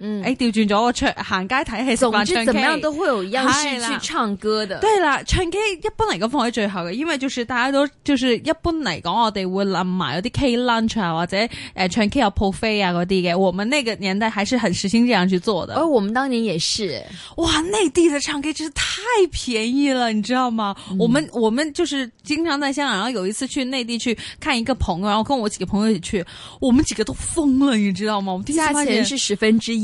嗯，誒、欸，調轉咗我出行街睇戲食飯唱 K，總之怎麼樣都會有樣式去唱歌的。啦對啦，唱 K 一般嚟講放喺最好嘅，因為就是大家都，就是一般嚟講、啊，我哋會諗埋有啲 K lunch 啊，或者誒唱 K 有破費啊嗰啲嘅。我們那個年代還是很時興這樣去做的。哦，我們當年也是。哇，內地的唱 K 真是太便宜了，你知道嗎？嗯、我們我們就是經常在香港，然後有一次去內地去看一個朋友，然後跟我幾個朋友一起去，我們幾個都瘋了，你知道嗎？我們三個人是十分之一。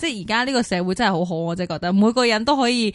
即係而家呢個社會真係好好，我真係覺得每個人都可以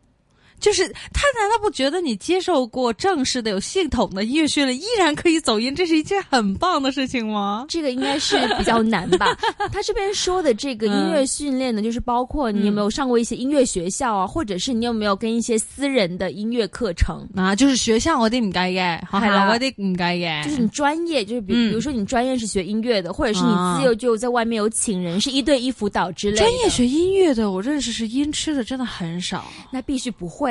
就是他難道不覺得你接受過正式的、有系統的音樂訓練，依然可以走音，這是一件很棒的事情嗎？這個應該是比較難吧？他這邊說的這個音樂訓練呢，就是包括你有沒有上過一些音樂學校啊，或者是你有沒有跟一些私人的音樂課程啊？就是學校我哋唔計嘅，好，好我啲唔計嘅。就是你專業，就是比如比如說你專業是學音樂的，或者是你自幼就在外面有請人是一對一輔導之類。專業學音樂的，我認識是音痴的真的很少。那必須不會。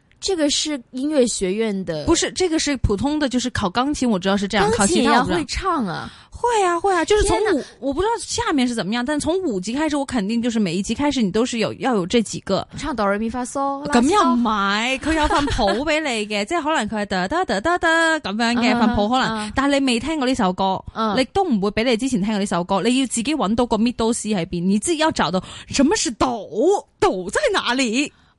這個是音樂學院的，不是這個是普通的，就是考鋼琴。我知道是這樣，鋼琴也會唱啊，會啊會啊，就是從五，哪我不知道下面是怎麼樣，但從五級開始，我肯定就是每一級開始你都是有要有這幾個。唱哆來咪發嗦，咁要買，佢要份譜俾你嘅， 即係可能佢係得得得得得咁樣嘅、uh, 份譜，可能，但係你未聽過呢首歌，uh, 你都唔會比你之前聽過呢首歌，uh. 你要自己搵到個 middle C 係邊，你自己要找到什麼是抖，抖在哪裏。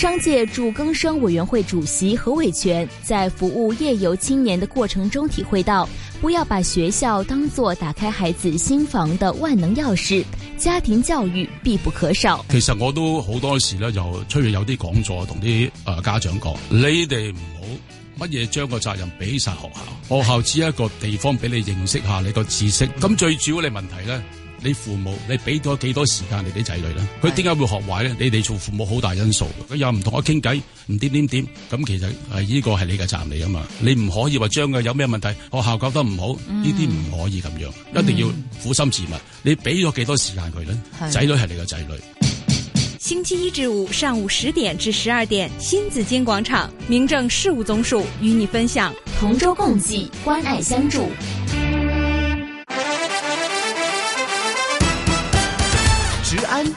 商界助更生委員會主席何偉權在服務夜遊青年的過程中體會到，不要把學校當作打開孩子心房的萬能鑰匙，家庭教育必不可少。其實我都好多時咧，就出去有啲講座同啲誒家長講，你哋唔好乜嘢將個責任俾晒學校，學校只有一個地方俾你認識下你個知識，咁最主要你問題咧。你父母，你俾咗幾多時間你啲仔女呢？佢點解會學壞呢？你哋做父母好大因素。佢又唔同我傾偈，唔點點點，咁其實誒，呢個係你嘅責任嚟啊嘛。你唔可以話將佢有咩問題，學校教得唔好，呢啲唔可以咁樣，一定要苦心自問。嗯、你俾咗幾多時間佢呢？仔女係你嘅仔女。星期一至五上午十點至十二點，新紫荊廣場民政事務總署與你分享，同舟共濟，關愛相助。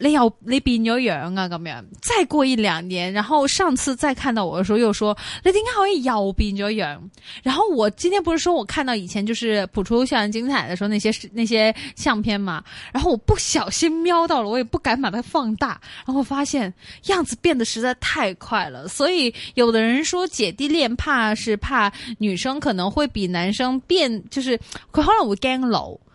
你又你變咗樣啊？咁樣再過一兩年，然後上次再看到我的時候又說，你點解好似又變咗樣？然後我今天不是說我看到以前就是普出校園精彩的時候那些那些相片嘛？然後我不小心瞄到了，我也不敢把它放大，然後發現樣子變得實在太快了。所以有的人說姐弟戀怕是怕女生可能會比男生變，就是佢可能會驚老。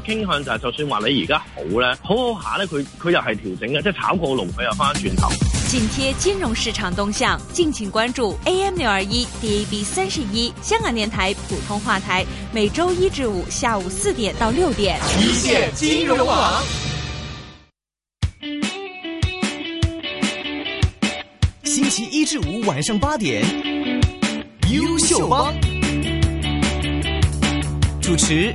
傾向就係，就算話你而家好咧，好好下咧，佢佢又係調整嘅，即係炒過龍，佢又翻轉頭。緊貼金融市場動向，敬請關注 AM 六二一 DAB 三十一香港電台普通話台，每周一至五下午四點到六點。一線金融網，星期一至五晚上八點，優秀幫主持。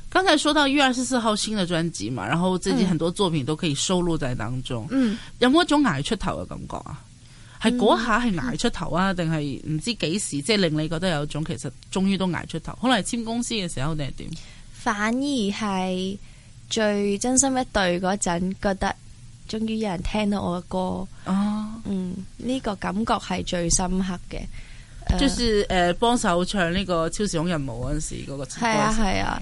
剛才說到一月二十四號新的專輯嘛，然後最近很多作品都可以收錄在當中。嗯，有冇一種捱出頭嘅感覺啊？係嗰下係捱出頭啊？定係唔知幾時，即係令你覺得有一種其實終於都捱出頭，可能係簽公司嘅時候定係點？反而係最真心一對嗰陣，覺得終於有人聽到我嘅歌哦，啊、嗯，呢個感覺係最深刻嘅，就是誒幫手唱呢個超人的時候《超時空任務》嗰陣時嗰個係啊係啊。是啊。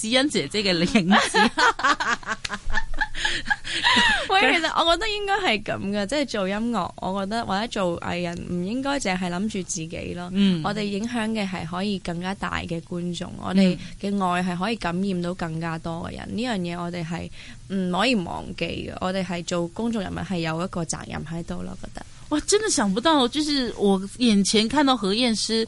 紫茵姐姐嘅影子， 喂， 其實我覺得應該係咁㗎，即係做音樂，我覺得或者做藝人，唔應該淨係諗住自己咯。嗯、我哋影響嘅係可以更加大嘅觀眾，我哋嘅愛係可以感染到更加多嘅人。呢、嗯、樣嘢我哋係唔可以忘記嘅。我哋係做公眾人物，係有一個責任喺度咯。我覺得，我真係想不到，就是我眼前看到何燕詩。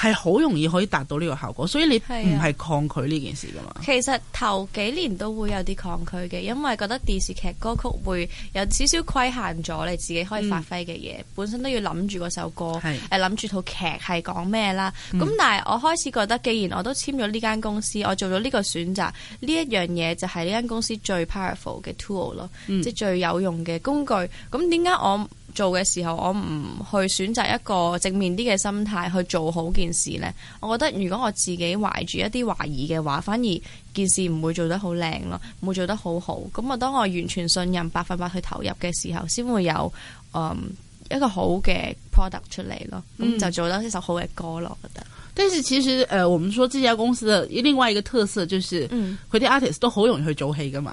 係好容易可以達到呢個效果，所以你唔係抗拒呢件事㗎嘛、啊？其實頭幾年都會有啲抗拒嘅，因為覺得電視劇歌曲會有少少規限咗你自己可以發揮嘅嘢，嗯、本身都要諗住嗰首歌，諗住是、呃、套劇係講咩啦。咁、嗯、但係我開始覺得，既然我都簽咗呢間公司，我做咗呢個選擇，呢一樣嘢就係呢間公司最 powerful 嘅 tool 咯，嗯、即係最有用嘅工具。咁點解我做嘅時候，我唔去選擇一個正面啲嘅心態去做好件事呢？我覺得如果我自己懷住一啲懷疑嘅話，反而件事唔會做得好靚咯，唔會做得好好。咁啊，當我完全信任百分百去投入嘅時候，先會有誒、嗯、一個好嘅 product 出嚟咯。咁就做得呢首好嘅歌咯。嗯、我覺得。但是其實誒、呃，我們說這家公司另外一個特色，就是佢啲 artist 都好容易去做戲噶嘛。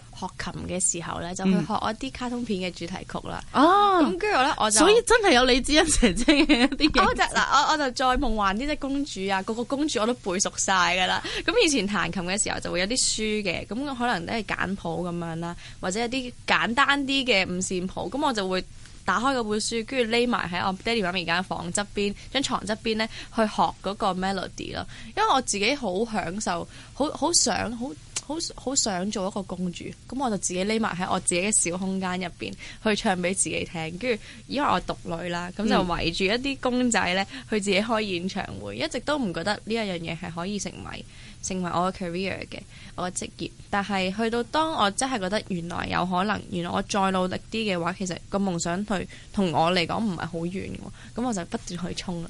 學琴嘅時候咧，就去學一啲卡通片嘅主題曲啦。哦、嗯，咁跟住咧，我就所以真係有李子欣姐姐嘅一啲歌。我就嗱，我我就再夢幻呢隻公主啊，個個公主我都背熟晒噶啦。咁以前彈琴嘅時候，就會有啲書嘅，咁可能都係簡譜咁樣啦，或者有啲簡單啲嘅五線譜。咁我就會打開嗰本書，跟住匿埋喺我爹哋媽咪間房側邊，張床側邊咧，去學嗰個 melody 咯。因為我自己好享受，好好想好。好好想做一個公主，咁我就自己匿埋喺我自己嘅小空間入邊去唱俾自己聽，跟住因為我獨女啦，咁就圍住一啲公仔呢，去自己開演唱會，嗯、一直都唔覺得呢一樣嘢係可以成為成為我嘅 career 嘅我嘅職業，但係去到當我真係覺得原來有可能，原來我再努力啲嘅話，其實個夢想去同我嚟講唔係好遠嘅，咁我就不斷去衝啦。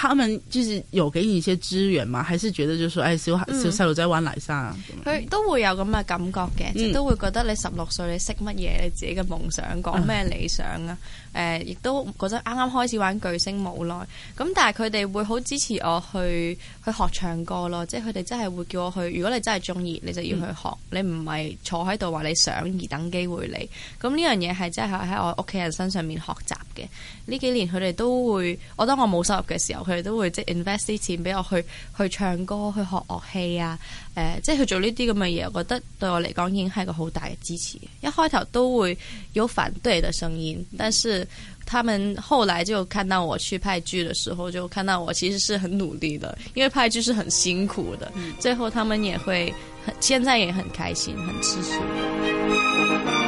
他們就是有給你一些資源嘛，還是覺得就是說，誒、哎，小細路仔玩泥沙，佢、嗯、麼都會有咁嘅感覺嘅，嗯、即係都會覺得你十六歲你識乜嘢，你自己嘅夢想講咩理想啊？誒、嗯呃，亦都覺得啱啱開始玩巨星冇耐，咁但係佢哋會好支持我去去學唱歌咯，即係佢哋真係會叫我去，如果你真係中意，你就要去學，嗯、你唔係坐喺度話你想而等機會嚟。咁呢樣嘢係真係喺我屋企人身上面學習嘅。呢幾年佢哋都會，我當我冇收入嘅時候。佢都會即係 invest 啲錢俾我去去唱歌、去學樂器啊！誒、呃，即係去做呢啲咁嘅嘢，我覺得對我嚟講已經係個好大嘅支持。一開頭都會有反對嘅聲音，但是他們後來就看到我去拍劇嘅時候，就看到我其實是很努力的，因為拍劇是很辛苦的。最後，他們也會很，現在也很開心，很知足。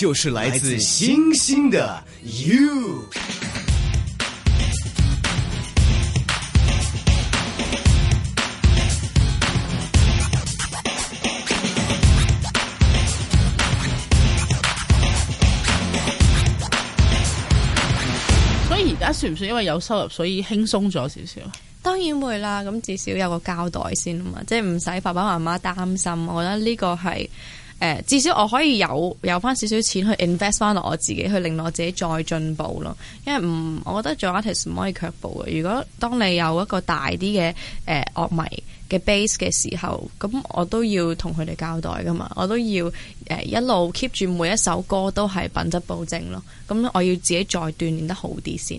就是來自星星的 You。所以，而家算唔算因為有收入，所以輕鬆咗少少？當然會啦，咁至少有個交代先嘛，即係唔使爸爸媽媽擔心。我覺得呢個係。至少我可以有有翻少少錢去 invest 翻落我自己，去令我自己再進步咯。因為唔，我覺得做 artist 唔可以卻步嘅。如果當你有一個大啲嘅誒樂迷嘅 base 嘅時候，咁我都要同佢哋交代㗎嘛，我都要、呃、一路 keep 住每一首歌都係品質保證咯。咁我要自己再鍛煉得好啲先。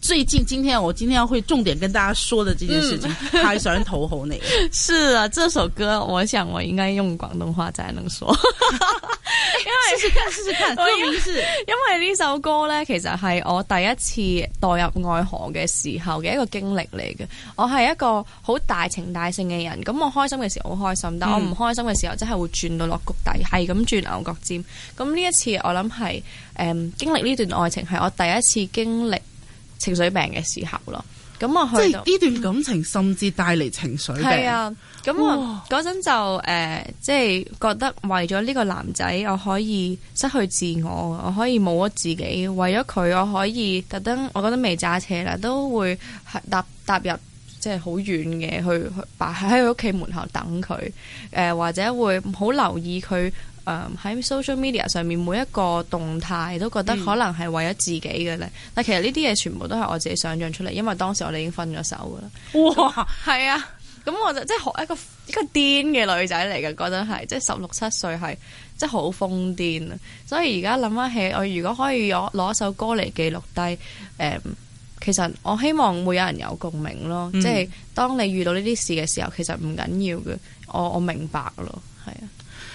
最近今天我今天要重點跟大家說的這件事情，嗯、太想討好你。 是啊，這首歌我想我應該用廣東話才能說， 因為， 試試看 因為呢首歌咧，其實係我第一次墮入愛河嘅時候嘅一個經歷嚟嘅。我係一個好大情大性嘅人，咁我開心嘅時候好開心，但我唔開心嘅時候真係會轉到落谷底，係咁轉牛角尖。咁呢一次我諗係誒經歷呢段愛情係我第一次經歷。情緒病嘅時候咯，咁我去到即係呢段感情，甚至帶嚟情緒病。係、嗯、啊，咁我嗰陣就誒，即係哇、呃就是、覺得為咗呢個男仔，我可以失去自我，我可以冇咗自己，為咗佢，我可以特登，我覺得未揸車啦，都會係踏，踏入即係好遠嘅去去，擺喺佢屋企門口等佢、呃、或者會好留意佢。喺 social media 上面每一個動態都覺得可能係為咗自己嘅咧，嗯、但其實呢啲嘢全部都係我自己想象出嚟，因為當時我哋已經分咗手噶啦。哇，係咁啊，咁我就即係學一個一個癲嘅女仔嚟嘅嗰陣係，即係十六七歲，係即係好瘋癲，所以而家諗翻起我如果可以有攞一首歌嚟記錄低，誒、嗯，其實我希望會有人有共鳴咯，即係、嗯、當你遇到呢啲事嘅時候，其實唔緊要嘅，我我明白咯。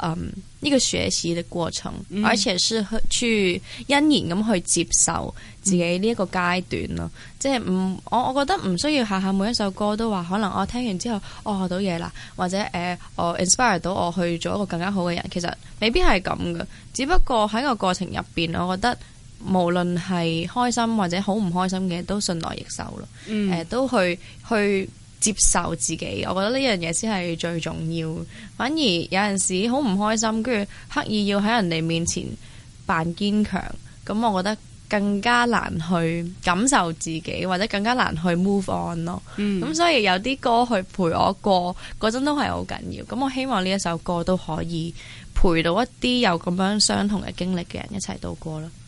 嗯，呢、um, 個學習的過程，嗯、而且是去欣然咁去接受自己呢一個階段咯。即係唔，我我覺得唔需要下下每一首歌都話，可能我聽完之後我學到嘢啦，或者誒、呃、我 inspire 到我去做一個更加好嘅人。其實未必係咁嘅，只不過喺個過程入邊，我覺得無論係開心或者好唔開心嘅，都順來逆受咯。誒、嗯呃，都去去。接受自己，我覺得呢樣嘢先係最重要。反而有陣時好唔開心，跟住刻意要喺人哋面前扮堅強，咁我覺得更加難去感受自己，或者更加難去 move on 咯。咁，嗯，所以有啲歌去陪我過嗰陣都係好緊要。咁我希望呢一首歌都可以陪到一啲有咁樣相同嘅經歷嘅人一齊度過咯。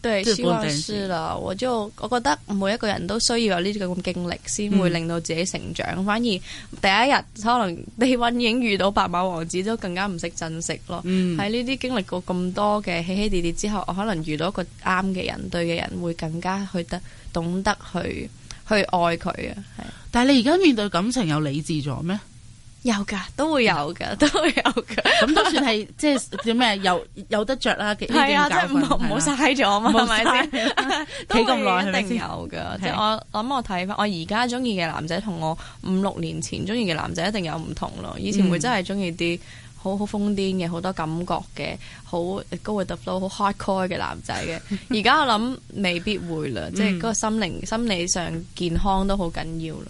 對，希望係啦，我就我覺得每一個人都需要有呢啲咁嘅經歷，先會令到自己成長。嗯、反而第一日可能你幻影遇到白馬王子都更加唔識珍惜咯。喺呢啲經歷過咁多嘅起起跌跌之後，我可能遇到一個啱嘅人，對嘅人會更加去得懂得去去愛佢啊。係。但係你而家面對感情又理智咗咩？有噶，都會有噶，都會有噶。咁都算係即係點咩？有有得着啦，係啊，即係唔好唔好嘥咗嘛，係咪先？企咁耐一定有噶。即係我諗，我睇翻我而家中意嘅男仔，同我五六年前中意嘅男仔一定有唔同咯。以前會真係中意啲好好瘋癲嘅、好多感覺嘅、好 go with the flow、好 hardcore 嘅男仔嘅。而家我諗未必會啦，即係嗰個心靈、心理上健康都好緊要咯。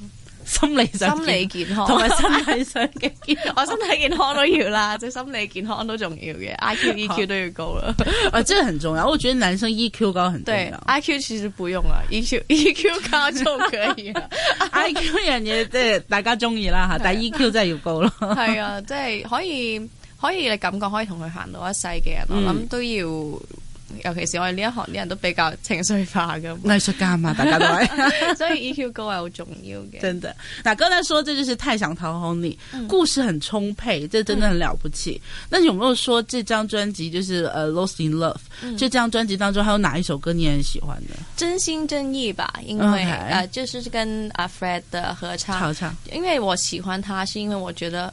心理上心理健康，同埋身體上嘅健，我身體健康都要啦，即係心理健康都重要嘅，I Q E Q 都要高啦。我真係很重要，我覺得男生 E Q 高很重要。I Q 其實唔用啦，E Q E Q 高就可以啦。I Q 樣嘢即係大家中意啦吓，但係 E Q 真係要高咯。係啊，即係可以可以，你感覺可以同佢行到一世嘅人，我諗都要。尤其是我哋呢一行啲人都比較情緒化嘅，藝術家嘛，大家都係，所以 EQ 高係好重要嘅。 真的，嗱剛才說，這就是太想討好你，嗯、故事很充沛，這真的很了不起。嗯、那有沒有說這張專輯就是《呃、uh, Lost in Love、嗯》？就這張專輯當中，還有哪一首歌你也很喜歡呢？真心真意吧，因為誒 Okay.、呃，就是跟阿 Fred 的合唱，合唱因為我喜歡他，是因為我覺得。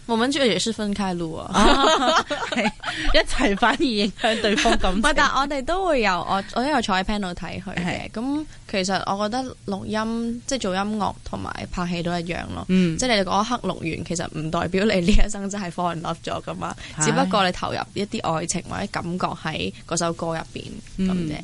冇乜專業是分開路啊， 一齊反而影響對方感覺。 但我哋都會有我，我都有坐喺 panel 睇佢，係咁的，其實我覺得錄音即係做音樂同埋拍戲都是一樣咯。嗯、即係你嗰一刻錄完，其實唔代表你呢一生真係 fall in love 咗噶嘛。唉只不過你投入一啲愛情或者感覺喺嗰首歌入邊咁啫。嗯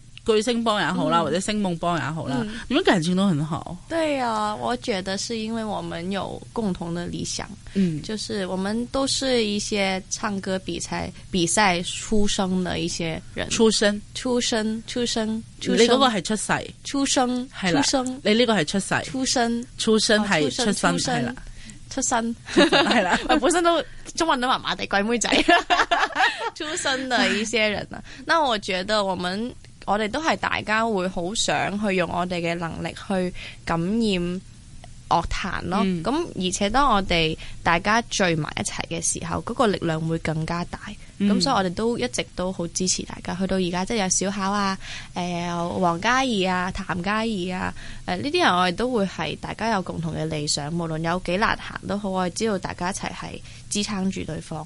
巨星幫也好啦，或者星夢幫也好啦，你們感情都很好。對啊，我覺得是因為我們有共同的理想，嗯，就是我們都是一些唱歌比賽比賽出生的一些人，出生出生出生出生，你呢個係出世，出生係啦，你呢個係出世，出生、出生係出生係啦，出生係啦，我本身都中文都麻麻地鬼妹仔，出生的一些人啊，那我覺得我們。我哋都係大家會好想去用我哋嘅能力去感染樂壇咯。咁、嗯、而且當我哋大家聚埋一齊嘅時候，嗰、那個力量會更加大。咁、嗯、所以我哋都一直都好支持大家。去到而家即係有小巧啊，誒王嘉怡啊、譚嘉怡啊，誒呢啲人我哋都會係大家有共同嘅理想，無論有幾難行都好，我哋知道大家一齊係支撐住對方。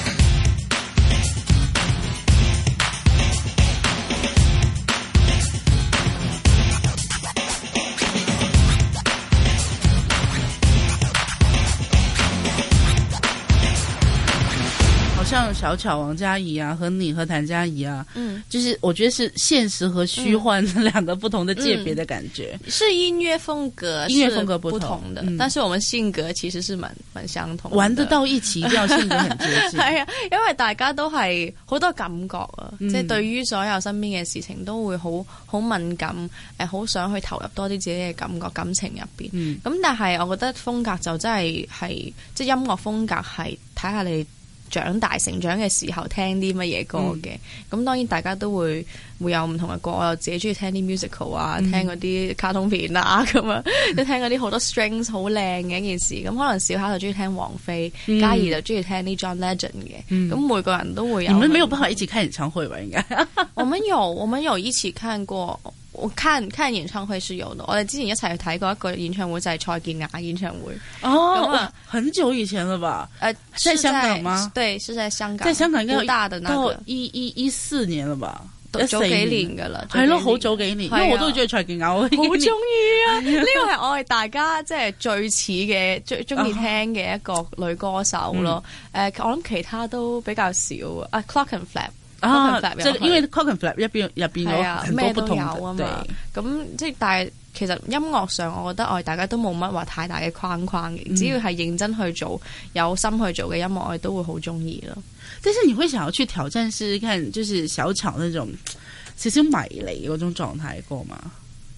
像小巧王嘉儀啊，和你和譚嘉儀啊，嗯，就是我覺得是現實和虛幻兩個不同的界別的感覺，嗯、是音樂風格是音樂風格不同的，嗯、但是我們性格其實是蠻蠻相同，玩得到一起，都要性格很接近，係 啊，因為大家都係好多感覺啊，即係、嗯、對於所有身邊嘅事情都會好好敏感，誒、呃，好想去投入多啲自己嘅感覺感情入邊，咁、嗯、但係我覺得風格就真係係即係音樂風格係睇下你。長大成長嘅時候聽啲乜嘢歌嘅，咁、嗯、當然大家都會會有唔同嘅歌。我又自己中意聽啲 musical 啊，聽嗰啲卡通片啊咁、嗯、樣，你聽嗰啲好多 strings 好靚嘅一件事。咁可能小蝦就中意聽王菲，嘉怡、嗯、就中意聽呢 John Legend 嘅。咁、嗯、每個人都會有。你們沒有辦法一起看演唱會吧？應該。我們有，我們有一起看過。我看看演唱會是有的，我哋之前一齊去睇過一個演唱會就係、是、蔡健雅演唱會哦，、嗯、哦，很久以前了吧？誒、呃，係香港嗎？對，是在香港。即在香港一個大的、那個，到一一一四年了吧？早幾年嘅了，係咯，好早幾年。因咁我都中意蔡健雅，好中意啊！呢個係我哋大家即係最似嘅最中意聽嘅一個女歌手咯。誒、嗯呃，我諗其他都比較少啊。Clock and 啊！即係 因為 coconut flap 一邊入邊有好多不同嘅嘢，咁即係但係其實音樂上，我覺得我哋大家都冇乜話太大嘅框框嘅，嗯，只要係認真去做、有心去做嘅音樂，我都會好中意咯。即是你會想要去挑戰，是跟就是小丑嗰種少少迷離嗰種狀態嘅歌嘛？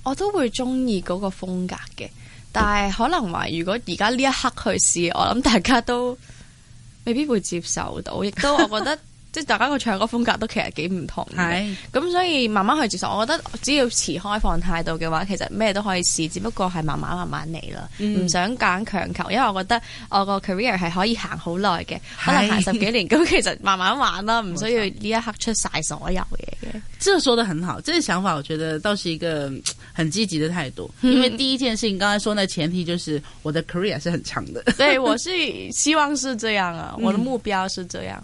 我都會中意嗰個風格嘅，但係可能話如果而家呢一刻去試，我諗大家都未必會接受到，亦都我覺得。 即係大家個唱歌風格都其實幾唔同嘅，咁是所以慢慢去接受。我覺得只要持開放態度嘅話，其實咩都可以試，只不過係慢慢慢慢嚟啦，唔、嗯、想揀強求。因為我覺得我個 career 係可以行好耐嘅，可能行十幾年。咁是其實慢慢玩啦、啊，唔需要呢一刻出晒所有嘢嘅。這說得很好，即係想法我覺得倒是一個很積極的態度。因為第一件事情，剛才說那，前提就是我的 career 是很長的、嗯。 對，我是希望是這樣啊，我的目標是這樣、啊。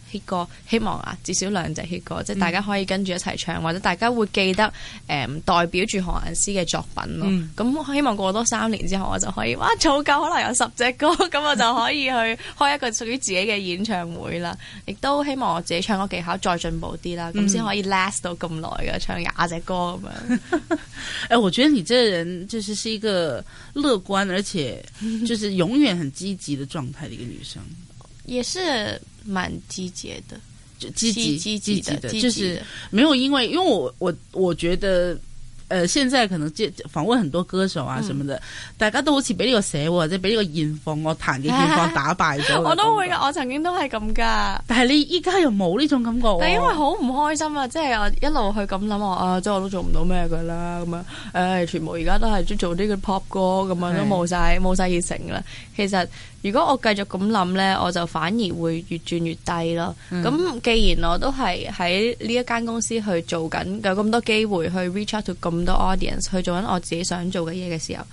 希望啊，至少兩隻 hit 歌，即係大家可以跟住一齊唱，嗯、或者大家會記得誒、呃、代表住何雁詩嘅作品咯。咁、嗯、希望過多三年之後，我就可以哇，儲夠可能有十隻歌，咁 我就可以去開一個屬於自己嘅演唱會啦。亦都希望我自己唱歌技巧再進步啲啦，咁先、嗯、可以 last 到咁耐嘅唱廿隻歌咁樣。誒、 呃，我覺得你這個人就是是一個樂觀，而且就是永遠很積極嘅狀態嘅一個女生， 也是。蠻積極的，就積極、積極的，的的就是沒有因為，因為我我我覺得，現在可能即訪問很多歌手啊什麼的，嗯、大家都好似俾呢個社會或者俾呢個現況、我彈嘅現況打敗咗、哎。我都會嘅，我曾經都係咁噶。但係你依家又冇呢種感覺、啊，但因為好唔開心啊，即、就、係、是、我一路去咁諗話啊，即係我都做唔到咩噶啦咁樣、哎，全部而家都係做啲嘅 pop 歌咁樣，都冇晒冇晒熱情啦。其實。如果我繼續咁諗呢，我就反而會越轉越低咯。咁、嗯、既然我都係喺呢一間公司去做緊，有咁多機會去 reach out to 咁、so、多 audience，去做緊我自己想做嘅嘢嘅時候，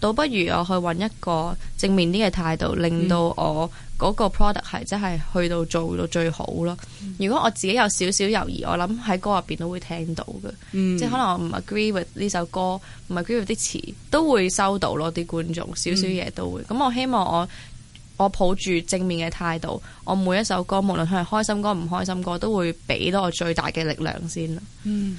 倒不如我去揾一個正面啲嘅態度，令到我嗰個 product 係真係去到做到最好咯。如果我自己有少少猶豫，我諗喺歌入邊都會聽到嘅，嗯、即係可能我唔 agree with 呢首歌，唔 agree with 啲詞，都會收到咯，啲觀眾少少嘢都會。咁、嗯、我希望我我抱住正面嘅態度，我每一首歌，無論佢係開心歌唔開心歌，都會俾到我最大嘅力量先咯。嗯。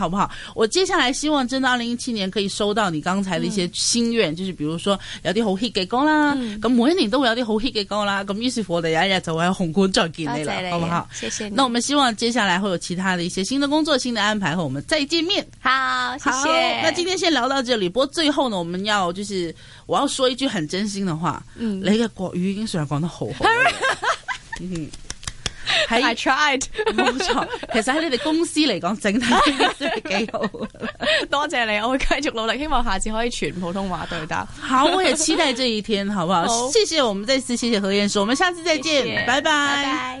好不好？我接下來希望真的二零一七年可以收到你剛才的一些心願，嗯、就是比如說有啲好戲嘅工啦，咁、嗯、每一年都會有啲好戲嘅工啦，咁於是乎我哋一日一日就會有紅姑再見你啦，好不好？謝謝你。那我們希望接下來會有其他的一些新的工作、新的安排和我們再見面。好，謝謝。那今天先聊到這裡，不過最後呢，我們要就是我要說一句很真心的話，嗯，來一個廣語音，雖然講到好吼。嗯。 I tried 喺，冇錯，其實喺你哋公司嚟講，整體都係幾好的。多謝你，我會繼續努力，希望下次可以全普通話對答。好，我也期待這一天，好不好？好，謝謝，我們再次謝謝何燕說，我們下次再見，謝謝拜拜。